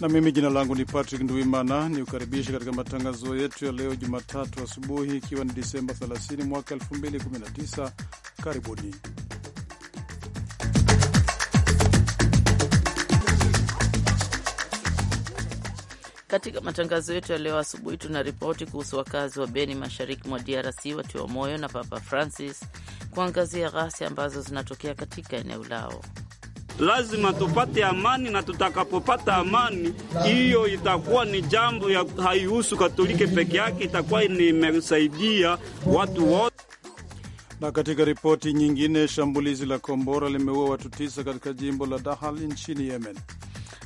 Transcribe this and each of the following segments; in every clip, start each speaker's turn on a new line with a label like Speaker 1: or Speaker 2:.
Speaker 1: na mimi jina langu ni Patrick nduimana ni kukaribisha katika matangazo yetu ya leo Jumatatu asubuhi, ikiwa ni Disemba 30 mwaka 2019. Karibuni
Speaker 2: katika matangazo yetu ya leo asubuhi. Tuna ripoti kuhusu wakazi wa Beni, mashariki mwa DRC watiwa moyo na Papa Francis kuangazia ghasia ambazo zinatokea katika eneo lao
Speaker 3: lazima tupate amani, na tutakapopata amani hiyo itakuwa ni jambo ya
Speaker 1: haihusu Katoliki peke yake, itakuwa imesaidia watu wote. Na katika ripoti nyingine, shambulizi la kombora limeua watu tisa katika jimbo la Dahal nchini Yemen.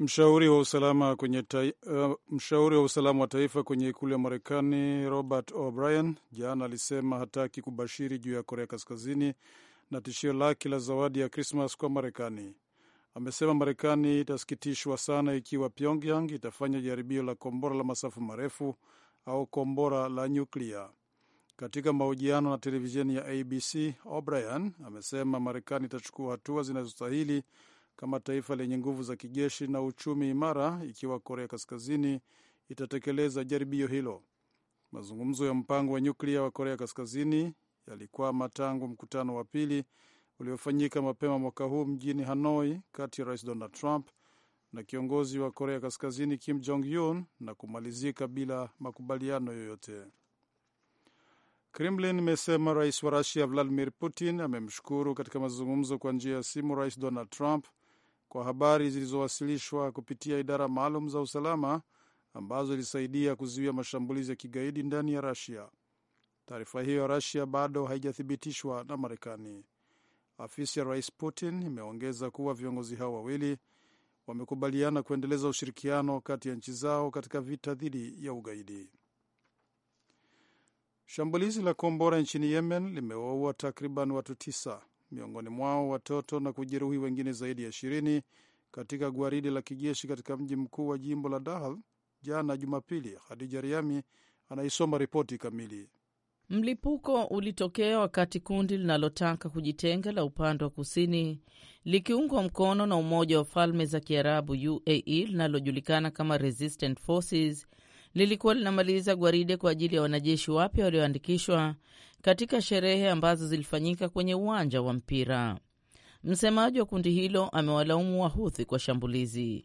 Speaker 1: Mshauri wa usalama kwenye ta, uh, mshauri wa usalama wa taifa kwenye ikulu ya Marekani Robert O'Brien jana alisema hataki kubashiri juu ya Korea Kaskazini na tishio lake la zawadi ya Krismas kwa Marekani. Amesema Marekani itasikitishwa sana ikiwa Pyongyang itafanya jaribio la kombora la masafa marefu au kombora la nyuklia. Katika mahojiano na televisheni ya ABC, O'Brien amesema Marekani itachukua hatua zinazostahili kama taifa lenye nguvu za kijeshi na uchumi imara ikiwa Korea Kaskazini itatekeleza jaribio hilo. Mazungumzo ya mpango wa nyuklia wa Korea Kaskazini yalikwama tangu mkutano wa pili uliofanyika mapema mwaka huu mjini Hanoi kati ya Rais Donald Trump na kiongozi wa Korea Kaskazini Kim Jong Un na kumalizika bila makubaliano yoyote. Kremlin imesema rais wa Rusia Vladimir Putin amemshukuru katika mazungumzo kwa njia ya simu Rais Donald Trump kwa habari zilizowasilishwa kupitia idara maalum za usalama ambazo ilisaidia kuzuia mashambulizi ya kigaidi ndani ya Rasia. Taarifa hiyo ya Rasia bado haijathibitishwa na Marekani. Afisi ya rais Putin imeongeza kuwa viongozi hao wawili wamekubaliana kuendeleza ushirikiano kati ya nchi zao katika vita dhidi ya ugaidi. Shambulizi la kombora nchini Yemen limewaua takriban watu tisa miongoni mwao watoto na kujeruhi wengine zaidi ya ishirini katika gwaridi la kijeshi katika mji mkuu wa jimbo la Dahal jana Jumapili. Hadija Riami anaisoma ripoti kamili.
Speaker 2: Mlipuko ulitokea wakati kundi linalotaka kujitenga la upande wa kusini likiungwa mkono na Umoja wa Falme za Kiarabu UAE linalojulikana kama Resistant Forces lilikuwa linamaliza gwaride kwa ajili ya wanajeshi wapya walioandikishwa katika sherehe ambazo zilifanyika kwenye uwanja wa mpira. Msemaji wa kundi hilo amewalaumu Wahuthi kwa shambulizi.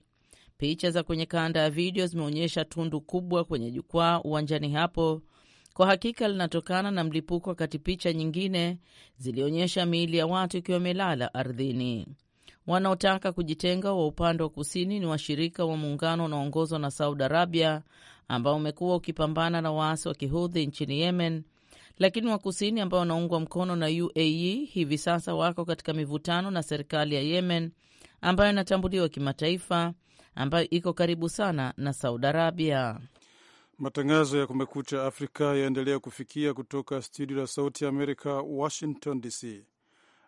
Speaker 2: Picha za kwenye kanda ya video zimeonyesha tundu kubwa kwenye jukwaa uwanjani hapo. Kwa hakika linatokana na mlipuko, wakati picha nyingine zilionyesha miili ya watu ikiwa imelala ardhini. Wanaotaka kujitenga wa upande wa kusini ni washirika wa muungano unaoongozwa na Saudi Arabia ambao umekuwa ukipambana na waasi wa kihudhi nchini Yemen lakini wakusini ambao wanaungwa mkono na UAE hivi sasa wako katika mivutano na serikali ya Yemen ambayo inatambuliwa kimataifa ambayo iko karibu sana na Saudi Arabia.
Speaker 1: Matangazo ya Kumekucha Afrika yaendelea kufikia kutoka studio la Sauti ya Amerika, Washington DC.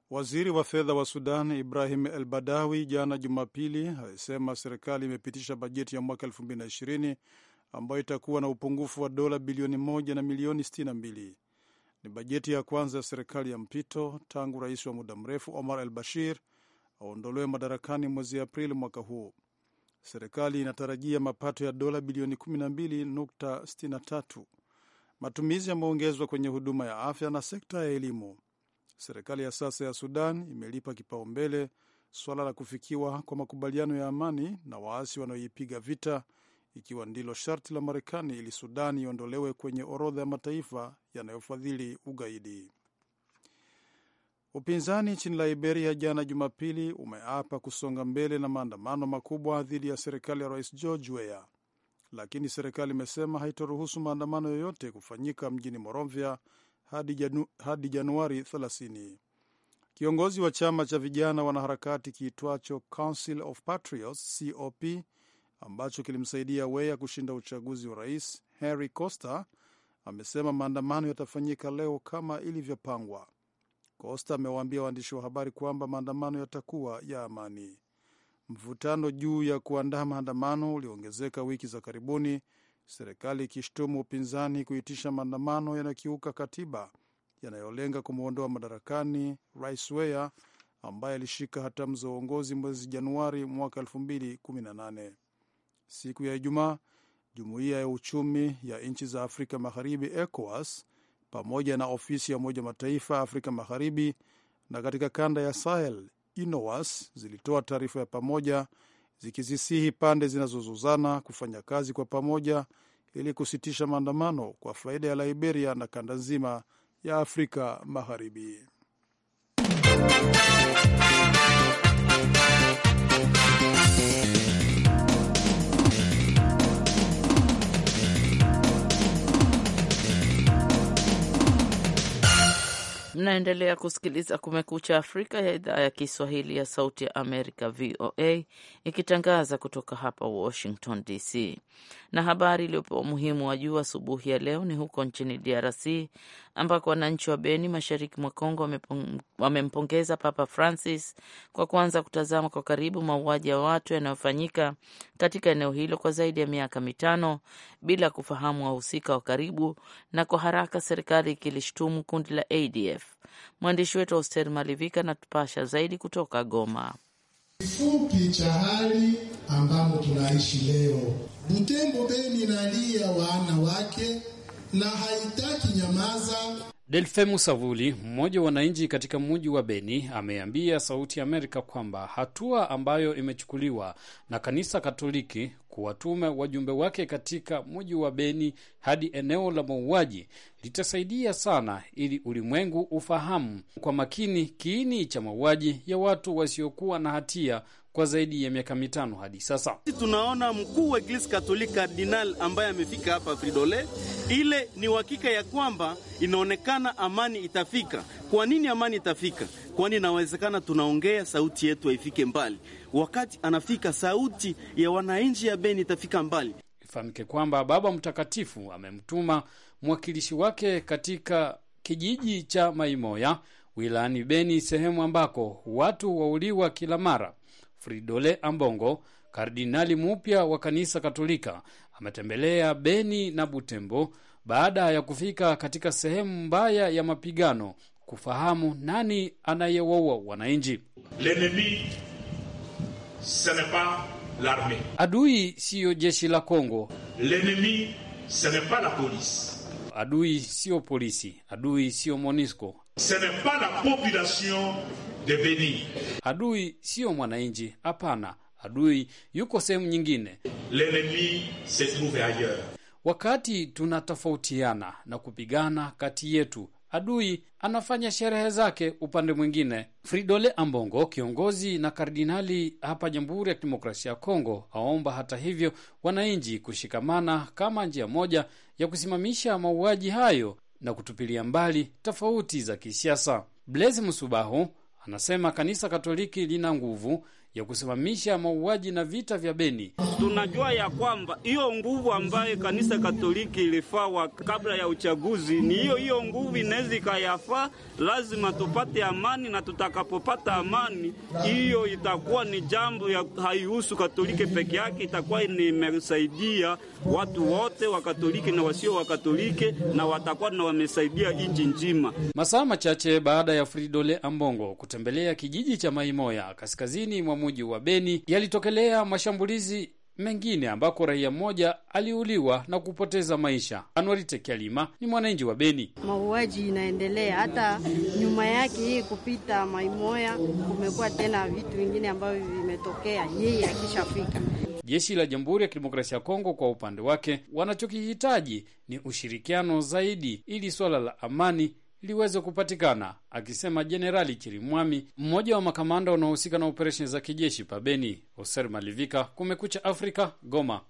Speaker 1: Waziri wa fedha wa Sudan Ibrahim El Badawi jana Jumapili alisema serikali imepitisha bajeti ya mwaka 2020 ambayo itakuwa na upungufu wa dola bilioni 1 na milioni 62. Ni bajeti ya kwanza ya serikali ya mpito tangu rais wa muda mrefu Omar al Bashir aondolewe madarakani mwezi Aprili mwaka huu. Serikali inatarajia mapato ya dola bilioni 12.63. Matumizi yameongezwa kwenye huduma ya afya na sekta ya elimu. Serikali ya sasa ya Sudan imelipa kipaumbele suala la kufikiwa kwa makubaliano ya amani na waasi wanaoipiga vita ikiwa ndilo sharti la Marekani ili Sudan iondolewe kwenye orodha ya mataifa yanayofadhili ugaidi. Upinzani nchini Liberia jana Jumapili umeapa kusonga mbele na maandamano makubwa dhidi ya serikali ya Rais George Weah, lakini serikali imesema haitoruhusu maandamano yoyote kufanyika mjini Monrovia hadi, janu, hadi Januari 30. Kiongozi wa chama cha vijana wanaharakati kiitwacho Council of Patriots COP ambacho kilimsaidia Weya kushinda uchaguzi wa rais, Henry Costa amesema maandamano yatafanyika leo kama ilivyopangwa. Costa amewaambia waandishi wa habari kwamba maandamano yatakuwa ya amani. Mvutano juu ya kuandaa maandamano uliongezeka wiki za karibuni, serikali ikishtumu upinzani kuitisha maandamano yanakiuka katiba yanayolenga kumwondoa madarakani rais Weah ambaye alishika hatamu za uongozi mwezi Januari mwaka 2018. Siku ya Ijumaa, jumuiya ya uchumi ya nchi za Afrika Magharibi, ECOWAS, pamoja na ofisi ya Umoja Mataifa Afrika Magharibi na katika kanda ya Sahel, ECOWAS, zilitoa taarifa ya pamoja zikizisihi pande zinazozozana kufanya kazi kwa pamoja ili kusitisha maandamano kwa faida ya Liberia na kanda nzima ya Afrika Magharibi.
Speaker 2: Mnaendelea kusikiliza Kumekucha Afrika ya idhaa ya Kiswahili ya Sauti ya Amerika, VOA, ikitangaza kutoka hapa Washington DC. Na habari iliyopewa umuhimu wa juu asubuhi ya leo ni huko nchini DRC ambako wananchi wa Beni, mashariki mwa Kongo, wamempongeza Papa Francis kwa kuanza kutazama kwa karibu mauaji ya watu yanayofanyika katika eneo hilo kwa zaidi ya miaka mitano bila kufahamu wahusika wa karibu, na kwa haraka serikali ikilishtumu kundi la ADF Mwandishi wetu Oster Malivika anatupasha zaidi kutoka Goma.
Speaker 1: Kifupi cha hali ambamo tunaishi leo, Butembo Beni nalia wana wake na haitaki nyamaza
Speaker 3: Delfemu Savuli, mmoja wa wananchi katika mji wa Beni, ameambia Sauti ya Amerika kwamba hatua ambayo imechukuliwa na kanisa Katoliki kuwatume wajumbe wake katika mji wa Beni hadi eneo la mauaji litasaidia sana ili ulimwengu ufahamu kwa makini kiini cha mauaji ya watu wasiokuwa na hatia kwa zaidi ya miaka mitano hadi sasa. Tunaona mkuu wa Eglise Katoliki Kardinal ambaye amefika hapa Fridole, ile ni uhakika ya kwamba inaonekana amani itafika. Kwa nini amani itafika? Kwani inawezekana tunaongea, sauti yetu haifike mbali. Wakati anafika, sauti ya wananchi ya Beni itafika mbali. Ifahamike kwamba Baba Mtakatifu amemtuma mwakilishi wake katika kijiji cha Maimoya wilayani Beni, sehemu ambako watu wauliwa kila mara. Fridole Ambongo, kardinali mupya wa kanisa Katolika, ametembelea Beni na Butembo baada ya kufika katika sehemu mbaya ya mapigano kufahamu nani anayewaua wananchi. Adui siyo jeshi la Kongo, adui siyo polisi, adui siyo Monisco. Adui siyo mwananchi, hapana. Adui yuko sehemu nyingine. L'ennemi se trouve ailleurs. Wakati tunatofautiana na kupigana kati yetu, adui anafanya sherehe zake upande mwingine. Fridole Ambongo, kiongozi na kardinali hapa Jamhuri ya Kidemokrasia ya Kongo, aomba hata hivyo wananchi kushikamana kama njia moja ya kusimamisha mauaji hayo na kutupilia mbali tofauti za kisiasa. Blaise Musubahu Anasema kanisa Katoliki lina nguvu ya kusimamisha mauaji na vita vya Beni. Tunajua ya kwamba hiyo nguvu ambayo kanisa Katoliki ilifaa kabla ya uchaguzi ni hiyo hiyo nguvu inaweza ikayafaa. Lazima tupate amani, na tutakapopata amani hiyo itakuwa ni jambo ya haihusu Katoliki peke yake, itakuwa nimesaidia watu wote wa Katoliki na wasio wa Katoliki, na watakuwa na wamesaidia nchi nzima. Masaa machache baada ya Fridole Ambongo kutembelea kijiji cha Maimoya kaskazini mwa mji wa Beni yalitokelea mashambulizi mengine ambako raia mmoja aliuliwa na kupoteza maisha. Anwari Tekialima ni mwananchi wa Beni.
Speaker 2: Mauaji inaendelea hata nyuma yake, hii kupita Maimoya kumekuwa tena vitu vingine ambavyo vimetokea yeye akishafika.
Speaker 3: Jeshi la Jamhuri ya Kidemokrasia ya Kongo kwa upande wake, wanachokihitaji ni ushirikiano zaidi ili swala la amani liweze kupatikana, akisema Jenerali Chirimwami, mmoja wa makamanda wanaohusika na operesheni za kijeshi pabeni. Hoser Malivika, Kumekucha Afrika, Goma.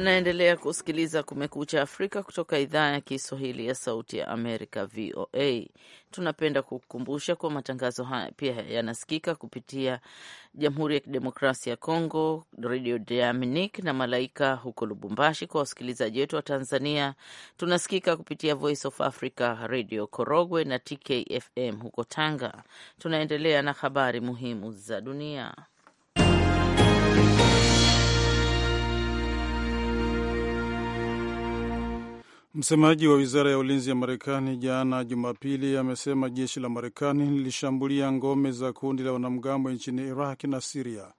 Speaker 2: Mnaendelea kusikiliza Kumekucha Afrika kutoka idhaa ya Kiswahili ya Sauti ya Amerika, VOA. Tunapenda kukukumbusha kuwa matangazo haya pia yanasikika kupitia Jamhuri ya Kidemokrasia ya Kongo, Radio Dominic na Malaika huko Lubumbashi. Kwa wasikilizaji wetu wa Tanzania, tunasikika kupitia Voice of Africa, Radio Korogwe na TKFM huko Tanga. Tunaendelea na habari muhimu za dunia.
Speaker 1: Msemaji wa wizara ya ulinzi ya Marekani jana Jumapili amesema jeshi la Marekani lilishambulia ngome za kundi la wanamgambo nchini Iraq na Siria.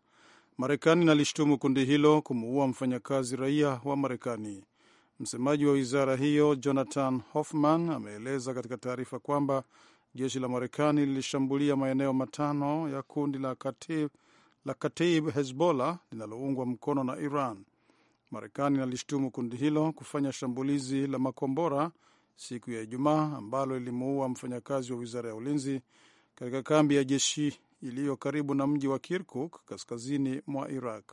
Speaker 1: Marekani nalishtumu kundi hilo kumuua mfanyakazi raia wa Marekani. Msemaji wa wizara hiyo Jonathan Hoffman ameeleza katika taarifa kwamba jeshi la Marekani lilishambulia maeneo matano ya kundi la Kataib Hezbollah linaloungwa mkono na Iran. Marekani alishtumu kundi hilo kufanya shambulizi la makombora siku ya Ijumaa ambalo lilimuua mfanyakazi wa wizara ya ulinzi katika kambi ya jeshi iliyo karibu na mji wa Kirkuk kaskazini mwa Iraq.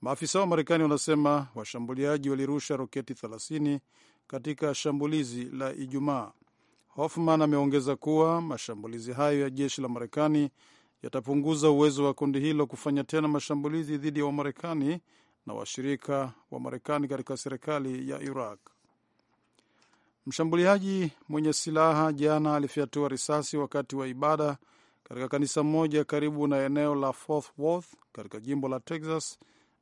Speaker 1: Maafisa wa Marekani wanasema washambuliaji walirusha roketi 30 katika shambulizi la Ijumaa. Hoffman ameongeza kuwa mashambulizi hayo ya jeshi la Marekani yatapunguza uwezo wa kundi hilo kufanya tena mashambulizi dhidi ya Wamarekani na washirika wa Marekani katika serikali ya Iraq. Mshambuliaji mwenye silaha jana alifyatua risasi wakati wa ibada katika kanisa moja karibu na eneo la Fort Worth katika jimbo la Texas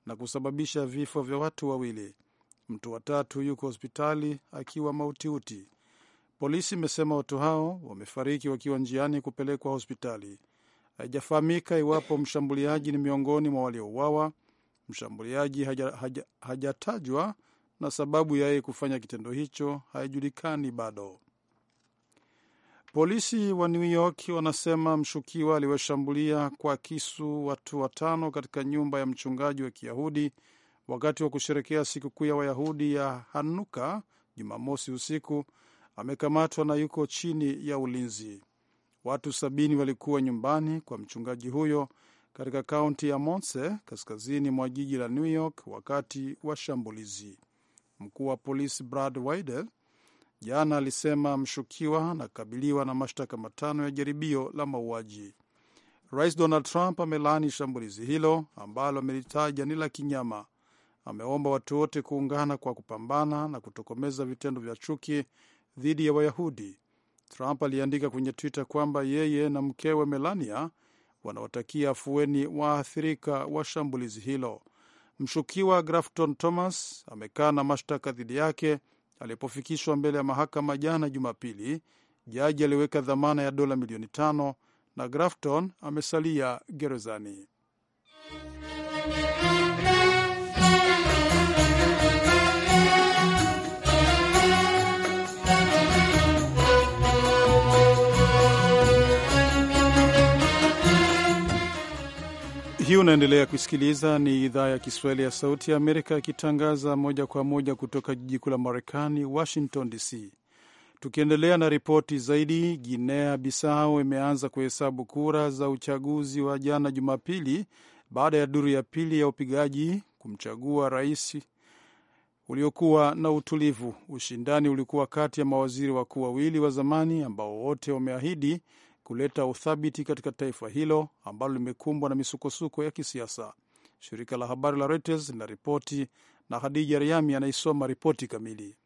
Speaker 1: na kusababisha vifo vya watu wawili. Mtu watatu yuko hospitali akiwa mautiuti. Polisi imesema watu hao wamefariki wakiwa njiani kupelekwa hospitali. Haijafahamika iwapo mshambuliaji ni miongoni mwa waliouawa Mshambuliaji hajatajwa haja, haja na sababu ya yeye kufanya kitendo hicho haijulikani bado. Polisi wa New York wanasema mshukiwa aliwashambulia kwa kisu watu watano katika nyumba ya mchungaji wa Kiyahudi wakati wa kusherekea sikukuu ya Wayahudi ya Hanuka Jumamosi usiku amekamatwa na yuko chini ya ulinzi. Watu sabini walikuwa nyumbani kwa mchungaji huyo katika kaunti ya Monse kaskazini mwa jiji la New York wakati wa shambulizi. Mkuu wa polisi Brad wide jana alisema mshukiwa anakabiliwa na mashtaka matano ya jaribio la mauaji. Rais Donald Trump amelaani shambulizi hilo ambalo amelitaja ni la kinyama. Ameomba watu wote kuungana kwa kupambana na kutokomeza vitendo vya chuki dhidi ya Wayahudi. Trump aliandika kwenye Twitter kwamba yeye na mkewe Melania wanaotakia afueni waathirika wa shambulizi hilo. Mshukiwa Grafton Thomas amekaa na mashtaka dhidi yake alipofikishwa mbele ya mahakama jana Jumapili. Jaji aliweka dhamana ya dola milioni tano na Grafton amesalia gerezani. Hii unaendelea kusikiliza ni idhaa ya Kiswahili ya Sauti ya Amerika ikitangaza moja kwa moja kutoka jiji kuu la Marekani, Washington DC. Tukiendelea na ripoti zaidi, Guinea Bissau imeanza kuhesabu kura za uchaguzi wa jana Jumapili baada ya duru ya pili ya upigaji kumchagua rais uliokuwa na utulivu. Ushindani ulikuwa kati ya mawaziri wakuu wawili wa zamani ambao wote wameahidi kuleta uthabiti katika taifa hilo ambalo limekumbwa na misukosuko ya kisiasa. Shirika la habari la Reuters linaripoti na Hadija Riami anaisoma ripoti kamili.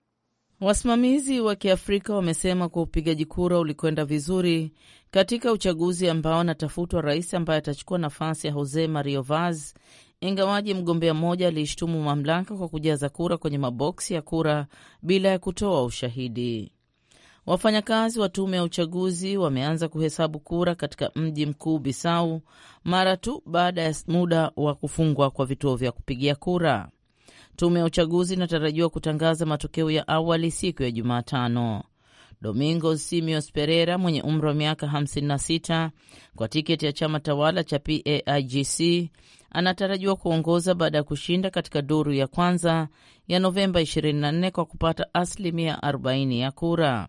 Speaker 2: Wasimamizi wa Kiafrika wamesema kuwa upigaji kura ulikwenda vizuri katika uchaguzi ambao anatafutwa rais ambaye atachukua nafasi ya Jose Mario Vaz, ingawaji mgombea mmoja aliishtumu mamlaka kwa kujaza kura kwenye maboksi ya kura bila ya kutoa ushahidi. Wafanyakazi wa tume ya uchaguzi wameanza kuhesabu kura katika mji mkuu Bisau mara tu baada ya muda wa kufungwa kwa vituo vya kupigia kura. Tume ya uchaguzi inatarajiwa kutangaza matokeo ya awali siku ya Jumatano. Domingo Simios Pereira mwenye umri wa miaka 56 kwa tiketi ya chama tawala cha PAIGC anatarajiwa kuongoza baada ya kushinda katika duru ya kwanza ya Novemba 24 kwa kupata asilimia 40 ya kura.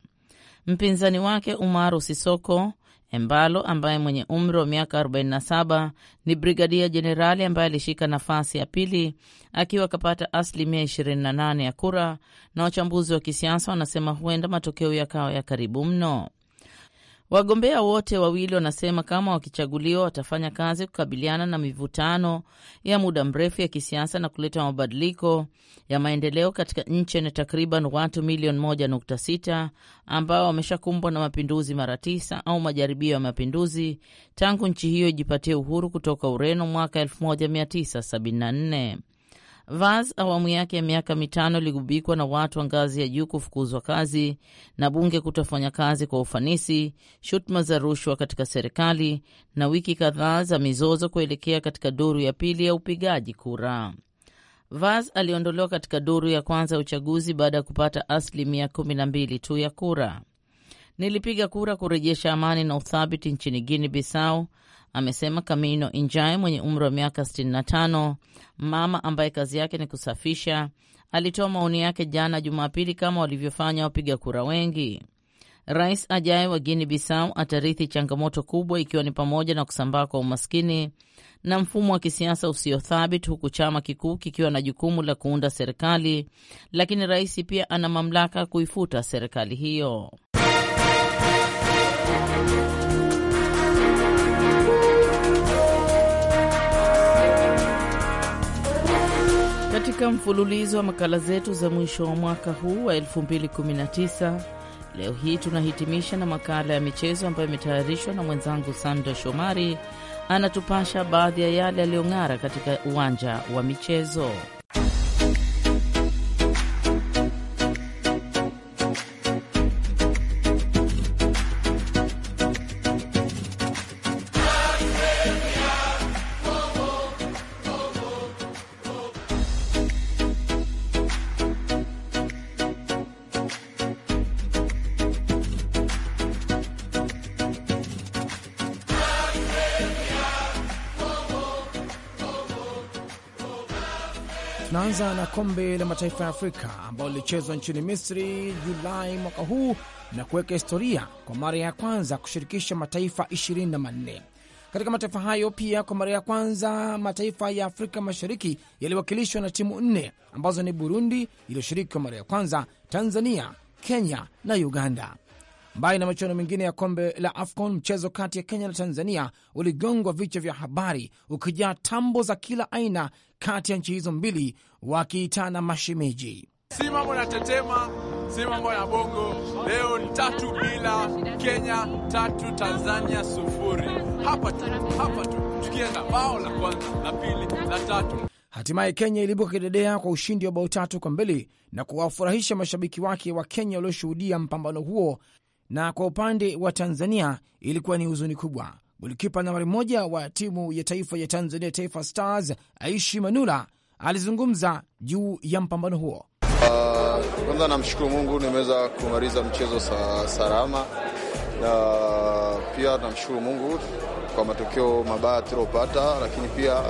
Speaker 2: Mpinzani wake Umaru Sisoko Embalo ambaye mwenye umri wa miaka 47 ni brigadia jenerali ambaye alishika nafasi ya pili akiwa akapata asilimia 28 ya kura, na wachambuzi wa kisiasa wanasema huenda matokeo yakawa ya karibu mno. Wagombea wote wawili wanasema kama wakichaguliwa, watafanya kazi kukabiliana na mivutano ya muda mrefu ya kisiasa na kuleta mabadiliko ya maendeleo katika nchi yenye takriban watu milioni 1.6 ambao wameshakumbwa na mapinduzi mara tisa au majaribio ya mapinduzi tangu nchi hiyo ijipatie uhuru kutoka Ureno mwaka 1974. Vaz awamu yake ya miaka mitano iligubikwa na watu wa ngazi ya juu kufukuzwa kazi na bunge kutofanya kazi kwa ufanisi, shutuma za rushwa katika serikali na wiki kadhaa za mizozo kuelekea katika duru ya pili ya upigaji kura. Vaz aliondolewa katika duru ya kwanza ya uchaguzi baada ya kupata asilimia kumi na mbili tu ya kura. Nilipiga kura kurejesha amani na uthabiti nchini Guinea Bissau amesema Kamino Injae mwenye umri wa miaka 65, mama ambaye kazi yake ni kusafisha, alitoa maoni yake jana Jumapili kama walivyofanya wapiga kura wengi. Rais ajaye wa Guinea Bissau atarithi changamoto kubwa, ikiwa ni pamoja na kusambaa kwa umaskini na mfumo wa kisiasa usio huku chama kikuu kikiwa na jukumu la kuunda serikali, lakini rais pia ana mamlaka kuifuta serikali hiyo. Katika mfululizo wa makala zetu za mwisho wa mwaka huu wa 2019 leo hii tunahitimisha na makala ya michezo ambayo imetayarishwa na mwenzangu Sando Shomari. Anatupasha baadhi ya yale yaliyong'ara katika uwanja wa michezo.
Speaker 4: na kombe la mataifa ya Afrika ambalo lilichezwa nchini Misri Julai mwaka huu na kuweka historia kwa mara ya kwanza kushirikisha mataifa 24. Katika mataifa hayo pia kwa mara ya kwanza mataifa ya Afrika Mashariki yaliwakilishwa na timu nne ambazo ni Burundi iliyoshiriki kwa mara ya kwanza, Tanzania, Kenya na Uganda. Mbali na michuano mingine ya kombe la AFCON, mchezo kati ya Kenya na Tanzania uligongwa vichwa vya habari ukijaa tambo za kila aina kati ya nchi hizo mbili wakiitana mashemeji.
Speaker 1: Si mambo ya tetema, si mambo ya bongo. Leo ni tatu bila Kenya tatu Tanzania sufuri. Hapa tu,
Speaker 4: hapa tu tukienda bao la kwanza, la pili, la tatu. Hatimaye Kenya ilibuka kidedea kwa ushindi wa bao tatu kwa mbili na kuwafurahisha mashabiki wake wa Kenya walioshuhudia mpambano huo, na kwa upande wa Tanzania ilikuwa ni huzuni kubwa Golikipa nambari moja wa timu ya taifa ya Tanzania, Taifa Stars, Aishi Manula alizungumza juu ya mpambano huo.
Speaker 1: Uh, kwanza namshukuru Mungu nimeweza kumaliza mchezo sa, salama na pia namshukuru Mungu kwa matokeo mabaya tuliopata, lakini pia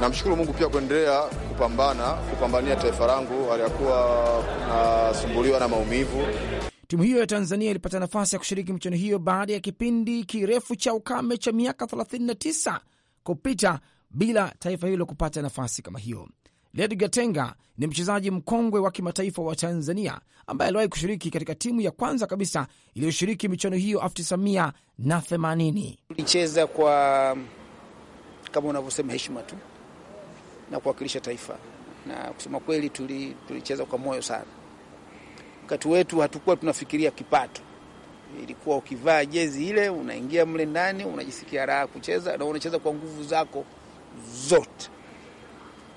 Speaker 1: namshukuru Mungu pia kuendelea kupambana kupambania taifa langu aliyakuwa nasumbuliwa na maumivu.
Speaker 4: Timu hiyo ya Tanzania ilipata nafasi ya kushiriki michuano hiyo baada ya kipindi kirefu cha ukame cha miaka 39 kupita bila taifa hilo kupata nafasi kama hiyo. led Tenga ni mchezaji mkongwe wa kimataifa wa Tanzania ambaye aliwahi kushiriki katika timu ya kwanza kabisa iliyoshiriki michuano hiyo 1980. Tulicheza kwa kama unavyosema heshima tu na kuwakilisha taifa, na kusema kweli tulicheza tuli kwa moyo sana wakati wetu hatukuwa tunafikiria kipato, ilikuwa ukivaa jezi ile unaingia mle ndani unajisikia raha kucheza na unacheza kwa nguvu zako zote.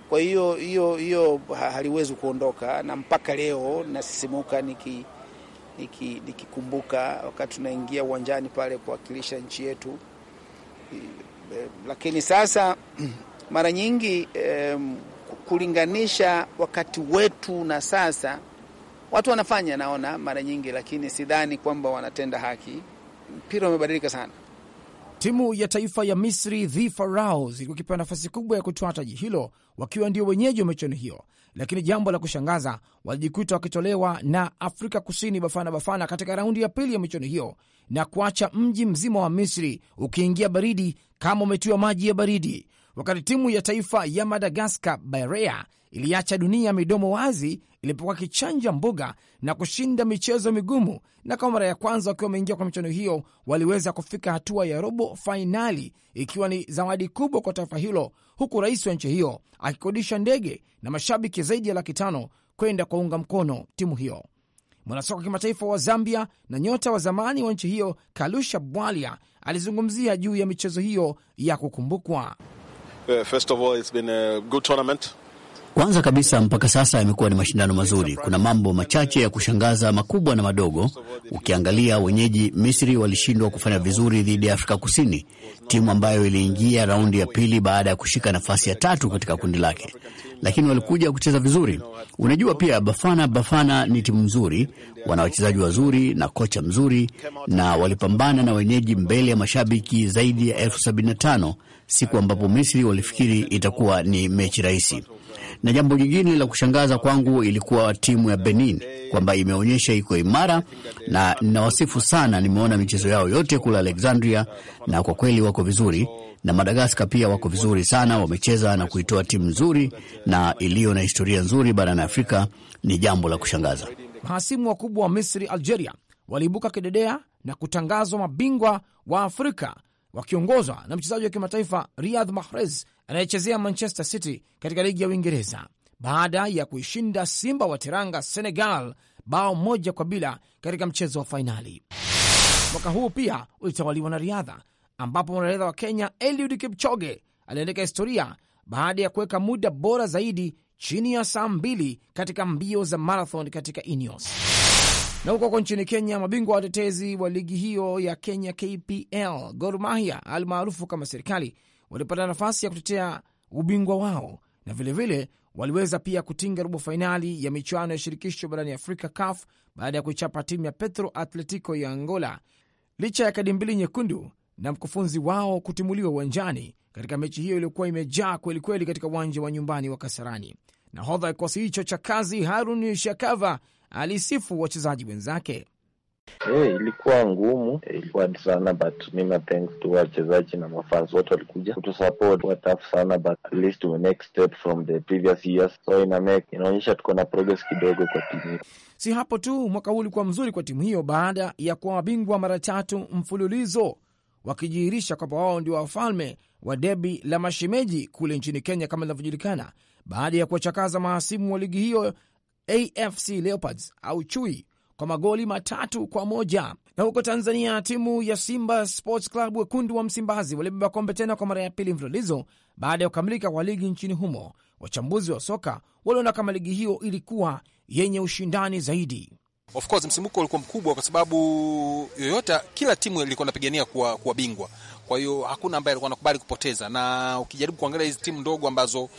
Speaker 4: Kwa hiyo hiyo hiyo haliwezi kuondoka, na mpaka leo nasisimuka niki nikikumbuka niki wakati tunaingia uwanjani pale kuwakilisha nchi yetu. E, lakini sasa mara nyingi eh, kulinganisha wakati wetu na sasa watu wanafanya, naona mara nyingi, lakini sidhani kwamba wanatenda haki. Mpira umebadilika sana. Timu ya taifa ya Misri The Pharaohs ilikuwa ikipewa nafasi kubwa ya kutoa taji hilo wakiwa ndio wenyeji wa michuano hiyo, lakini jambo la kushangaza, walijikuta wakitolewa na Afrika Kusini Bafana Bafana katika raundi ya pili ya michuano hiyo na kuacha mji mzima wa Misri ukiingia baridi kama umetiwa maji ya baridi, wakati timu ya taifa ya Madagaskar Barea iliacha dunia midomo wazi ilipokuwa kichanja mbuga na kushinda michezo migumu, na kwa mara ya kwanza wakiwa wameingia kwa michuano hiyo waliweza kufika hatua ya robo fainali, ikiwa ni zawadi kubwa kwa taifa hilo, huku rais wa nchi hiyo akikodisha ndege na mashabiki zaidi ya laki tano kwenda kuunga mkono timu hiyo. Mwanasoka kimataifa wa Zambia na nyota wa zamani wa nchi hiyo Kalusha Bwalia alizungumzia juu ya michezo hiyo ya kukumbukwa.
Speaker 1: Uh, first of all, it's been a good tournament.
Speaker 3: Kwanza kabisa, mpaka sasa yamekuwa ni mashindano mazuri. Kuna mambo machache ya kushangaza, makubwa na madogo. Ukiangalia, wenyeji Misri walishindwa kufanya vizuri dhidi ya Afrika Kusini, timu ambayo iliingia raundi ya pili baada ya kushika nafasi ya tatu katika kundi lake, lakini walikuja kucheza vizuri. Unajua, pia Bafana Bafana ni timu nzuri, wana wachezaji wazuri na kocha mzuri, na walipambana na wenyeji mbele ya mashabiki zaidi ya elfu sabini na tano siku ambapo Misri walifikiri itakuwa ni mechi rahisi. Na jambo jingine la kushangaza kwangu ilikuwa timu ya Benin, kwamba imeonyesha iko imara na ninawasifu sana. Nimeona michezo yao yote kule Alexandria na kwa kweli wako vizuri, na Madagaskar pia wako vizuri sana, wamecheza na kuitoa timu nzuri na iliyo na historia nzuri barani Afrika. Ni jambo la kushangaza.
Speaker 4: Mahasimu wakubwa wa Misri, Algeria, waliibuka kidedea na kutangazwa mabingwa wa Afrika wakiongozwa na mchezaji wa kimataifa Riyad Mahrez anayechezea Manchester City katika ligi ya Uingereza baada ya kuishinda Simba wa Teranga Senegal bao moja kwa bila katika mchezo wa fainali. Mwaka huu pia ulitawaliwa na riadha ambapo mwanariadha wa Kenya Eliud Kipchoge aliandika historia baada ya kuweka muda bora zaidi chini ya saa mbili katika mbio za marathon katika Ineos. Na huko huko nchini Kenya, mabingwa watetezi wa ligi hiyo ya Kenya KPL, Gor Mahia almaarufu kama Serikali, walipata nafasi ya kutetea ubingwa wao na vilevile vile, waliweza pia kutinga robo fainali ya michuano ya shirikisho barani Afrika, CAF, baada ya kuichapa timu ya Petro Atletico ya Angola licha ya kadi mbili nyekundu na mkufunzi wao kutimuliwa uwanjani katika mechi hiyo iliyokuwa imejaa kwelikweli katika uwanja wa nyumbani wa Kasarani. Nahodha kikosi hicho cha kazi Harun Shakava alisifu wachezaji wenzake. Hey, eh, ilikuwa ngumu, eh, ilikuwa sana but mimi thanks to wachezaji na mafans wote walikuja kutusupport kwa tough sana but at least we make step from the previous years, so ina make inaonyesha tuko na progress kidogo kwa timu. Si hapo tu, mwaka huu ulikuwa mzuri kwa timu hiyo baada ya kuwa mabingwa mara tatu mfululizo, wakijihirisha kwamba wao ndio wafalme wa debi la mashemeji kule nchini Kenya kama linavyojulikana, baada ya kuwachakaza mahasimu wa ligi hiyo AFC Leopards au Chui kwa magoli matatu kwa moja. Na huko Tanzania, timu ya Simba Sports Club wekundu wa Msimbazi walibeba kombe tena kwa mara ya pili mfululizo baada ya kukamilika kwa ligi nchini humo. Wachambuzi wa soka waliona kama ligi hiyo ilikuwa yenye ushindani zaidi.
Speaker 1: Of course msimuko ulikuwa mkubwa kwa sababu yoyota, kila timu ilikuwa inapigania kuwa, kuwa bingwa. Kwa hiyo hakuna ambaye alikuwa anakubali kupoteza, na ukijaribu kuangalia hizi timu ndogo ambazo uh,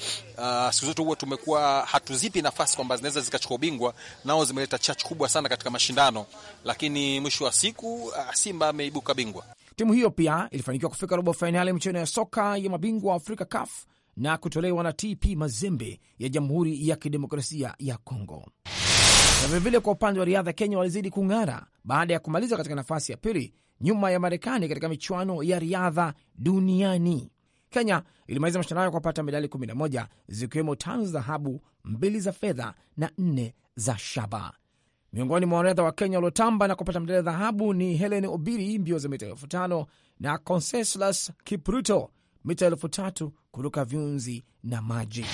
Speaker 1: siku zote huwa tumekuwa hatuzipi nafasi kwamba zinaweza zikachukua ubingwa, nao zimeleta chachu kubwa sana katika mashindano, lakini mwisho wa siku uh, Simba ameibuka bingwa.
Speaker 4: Timu hiyo pia ilifanikiwa kufika robo fainali michuano ya soka ya mabingwa wa Afrika CAF na kutolewa na TP Mazembe ya Jamhuri ya Kidemokrasia ya Kongo. Na vilevile kwa upande wa riadha, Kenya walizidi kung'ara baada ya kumaliza katika nafasi ya pili nyuma ya Marekani katika michuano ya riadha duniani. Kenya ilimaliza mashindano kwa kupata medali 11 zikiwemo tano za dhahabu, mbili za fedha na nne za shaba. Miongoni mwa wanariadha wa Kenya waliotamba na kupata medali ya dhahabu ni Helen Obiri, mbio za mita elfu tano na Conseslus Kipruto, mita elfu tatu kuruka viunzi na maji.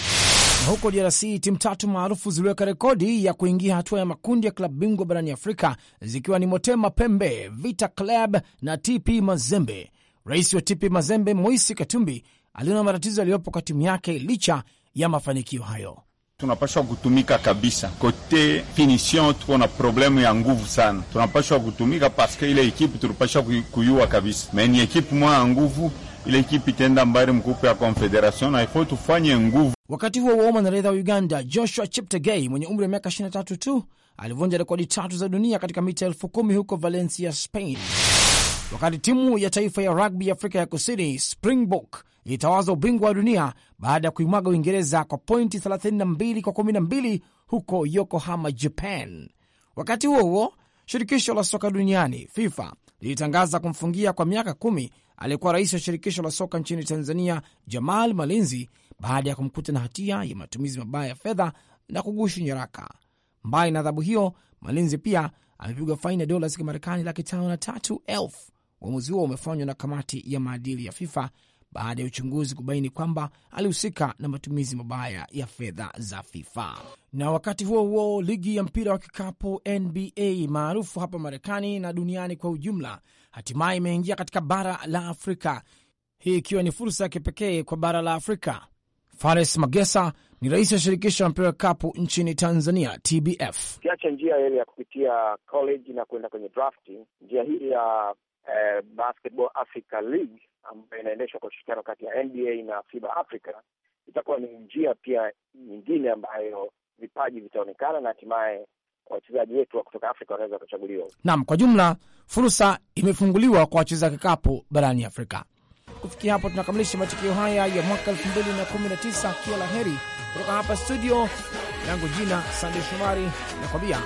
Speaker 4: Na huko DRC timu tatu maarufu ziliweka rekodi ya kuingia hatua ya makundi ya klabu bingwa barani Afrika zikiwa ni Motema Pembe, Vita Club na TP Mazembe. Rais wa TP Mazembe Moisi Katumbi aliona matatizo yaliyopo kwa timu yake licha ya mafanikio hayo.
Speaker 1: Tunapashwa kutumika kabisa kote finition, tuko na problemu ya nguvu sana, tunapashwa kutumika paske ile ekipu tulipashwa kuyua kabisa meni ekipu mwa ya nguvu ile ekipi itaenda mbari mkupu ya Confederation na ifo tufanye nguvu.
Speaker 4: Wakati huo huo, mwanariadha wa Uganda Joshua Cheptegei mwenye umri wa miaka 23 tu alivunja rekodi tatu za dunia katika mita elfu kumi huko Valencia, Spain, wakati timu ya taifa ya rugby ya Afrika ya Kusini Springbok ilitawaza ubingwa wa dunia baada ya kuimwaga Uingereza kwa pointi 32 kwa 12 huko Yokohama, Japan. Wakati huo huo, shirikisho la soka duniani FIFA lilitangaza kumfungia kwa miaka kumi aliyekuwa rais wa shirikisho la soka nchini Tanzania Jamal Malinzi baada ya kumkuta na hatia ya matumizi mabaya ya fedha na kugushi nyaraka. Mbali na adhabu hiyo, Malinzi pia amepigwa faini ya dola za Kimarekani laki tano na tatu elfu. Uamuzi huo umefanywa na kamati ya maadili ya FIFA baada ya uchunguzi kubaini kwamba alihusika na matumizi mabaya ya fedha za FIFA. Na wakati huo huo, ligi ya mpira wa kikapu NBA maarufu hapa Marekani na duniani kwa ujumla hatimaye imeingia katika bara la Afrika, hii ikiwa ni fursa ya kipekee kwa bara la Afrika. Fares Magesa ni rais wa shirikisho la mpira wa kikapu nchini Tanzania, TBF. Ukiacha njia ile ya kupitia college na kuenda kwenye drafting, njia hii ya eh, Basketball Africa League ambayo inaendeshwa kwa ushirikiano kati ya NBA na FIBA Africa itakuwa ni njia pia nyingine ambayo vipaji vitaonekana na hatimaye wachezaji wetu wa kutoka Afrika wanaweza wakachaguliwa. Naam, kwa jumla fursa imefunguliwa kwa wacheza kikapu barani Afrika. Kufikia hapo, tunakamilisha matukio haya ya mwaka elfu mbili na kumi na tisa. Kila la heri kutoka hapa studio yangu, jina Sande Shomari nakwambia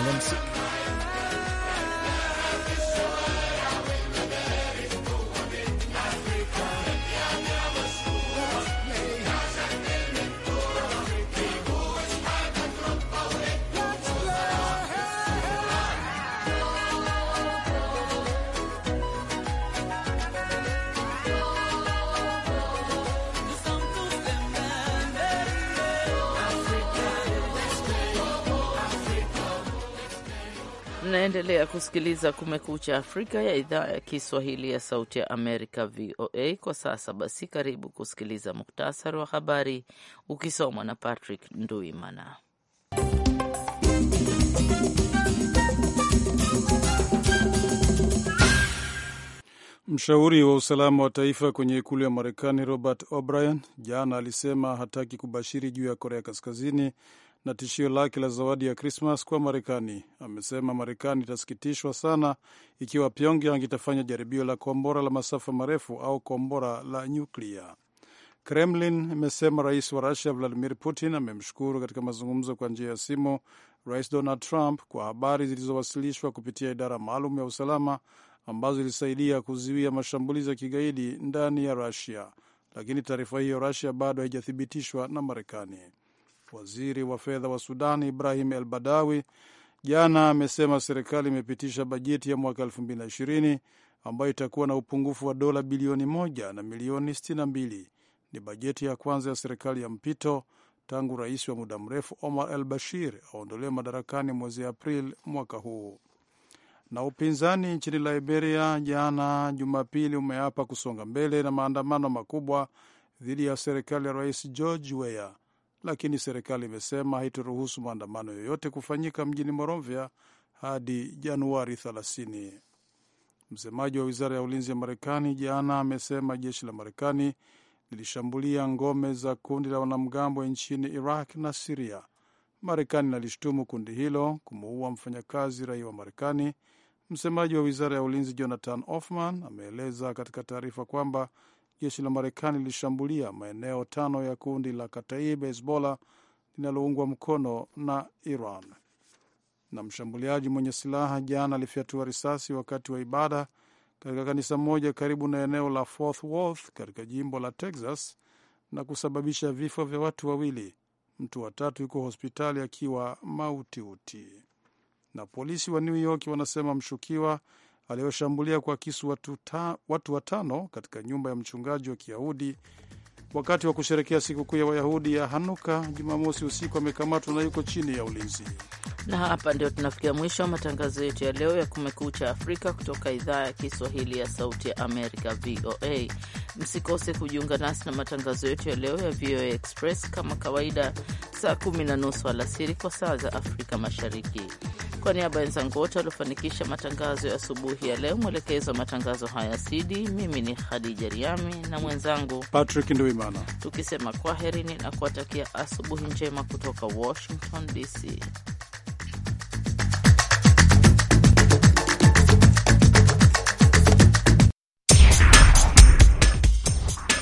Speaker 3: alamsiki.
Speaker 2: Unaendelea kusikiliza Kumekucha Afrika ya idhaa ya Kiswahili ya Sauti ya Amerika, VOA. Kwa sasa basi, karibu kusikiliza muktasari wa habari ukisomwa na Patrick Nduimana.
Speaker 1: Mshauri wa usalama wa taifa kwenye ikulu ya Marekani Robert O'Brien jana alisema hataki kubashiri juu ya Korea Kaskazini na tishio lake la zawadi ya Krismas kwa Marekani. Amesema Marekani itasikitishwa sana ikiwa Pyongyang itafanya jaribio la kombora la masafa marefu au kombora la nyuklia. Kremlin imesema rais wa Rusia Vladimir Putin amemshukuru katika mazungumzo kwa njia ya simu Rais Donald Trump kwa habari zilizowasilishwa kupitia idara maalum ya usalama ambazo ilisaidia kuzuia mashambulizi ya kigaidi ndani ya Rusia, lakini taarifa hiyo Rusia bado haijathibitishwa na Marekani. Waziri wa fedha wa Sudan Ibrahim El Badawi jana amesema serikali imepitisha bajeti ya mwaka 2020 ambayo itakuwa na upungufu wa dola bilioni moja na milioni 62. Ni bajeti ya kwanza ya serikali ya mpito tangu rais wa muda mrefu Omar Al Bashir aondolewe madarakani mwezi Aprili mwaka huu. Na upinzani nchini Liberia jana Jumapili umeapa kusonga mbele na maandamano makubwa dhidi ya serikali ya rais George Weah lakini serikali imesema haitaruhusu maandamano yoyote kufanyika mjini Monrovia hadi Januari 30. Msemaji wa wizara ya ulinzi ya Marekani jana amesema jeshi la Marekani lilishambulia ngome za kundi la wanamgambo nchini Iraq na Siria. Marekani nalishutumu kundi hilo kumuua mfanyakazi raia wa Marekani. Msemaji wa wizara ya ulinzi Jonathan Hoffman ameeleza katika taarifa kwamba jeshi la Marekani lilishambulia maeneo tano ya kundi la Kataib Hezbollah linaloungwa mkono na Iran. Na mshambuliaji mwenye silaha jana alifyatua risasi wakati wa ibada katika kanisa moja karibu na eneo la Fort Worth katika jimbo la Texas na kusababisha vifo vya watu wawili. Mtu watatu yuko hospitali akiwa mautiuti. Na polisi wa New York wanasema mshukiwa aliyoshambulia kwa kisu watu, ta, watu watano katika nyumba ya mchungaji wa Kiyahudi wakati wa kusherekea sikukuu ya Wayahudi ya Hanuka Jumamosi usiku amekamatwa na yuko chini ya ulinzi.
Speaker 2: Na hapa ndio tunafikia mwisho wa matangazo yetu ya leo ya Kumekucha Afrika kutoka idhaa ya Kiswahili ya Sauti ya Amerika, VOA. Msikose kujiunga nasi na matangazo yetu ya leo ya VOA Express kama kawaida, saa kumi na nusu alasiri kwa saa za Afrika Mashariki. Kwa niaba ya wenzangu wote waliofanikisha matangazo ya asubuhi ya leo, mwelekezo wa matangazo haya sidi, mimi ni Khadija Riami na mwenzangu
Speaker 1: Patrick Nduimana,
Speaker 2: tukisema kwaherini na kuwatakia asubuhi njema kutoka Washington DC.